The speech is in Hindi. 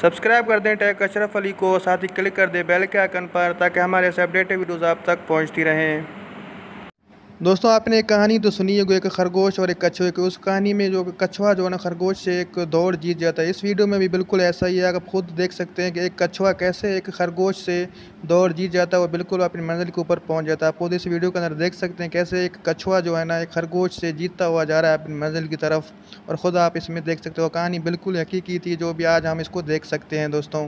सब्सक्राइब कर दें टैग अशरफ अली को साथ ही क्लिक कर दें बेल के आइकन पर ताकि हमारे ऐसे अपडेटेड वीडियोज़ आप तक पहुँचती रहें दोस्तों आपने एक कहानी तो सुनी है एक खरगोश और एक कछुए की उस कहानी में जो कछुआ जो है ना खरगोश से एक दौड़ जीत जाता है इस वीडियो में भी बिल्कुल ऐसा ही है आप खुद देख सकते हैं कि एक कछुआ कैसे एक खरगोश से दौड़ जीत जाता है वो बिल्कुल अपनी मंजिल के ऊपर पहुंच जाता है आप खुद इस वीडियो के अंदर देख सकते हैं कैसे एक कछुआ जो है ना एक खरगोश से जीतता हुआ जा रहा है अपनी मंजिल की तरफ और ख़ुद आप इसमें देख सकते हो कहानी बिल्कुल हकीकी थी जो भी आज हम इसको देख सकते हैं दोस्तों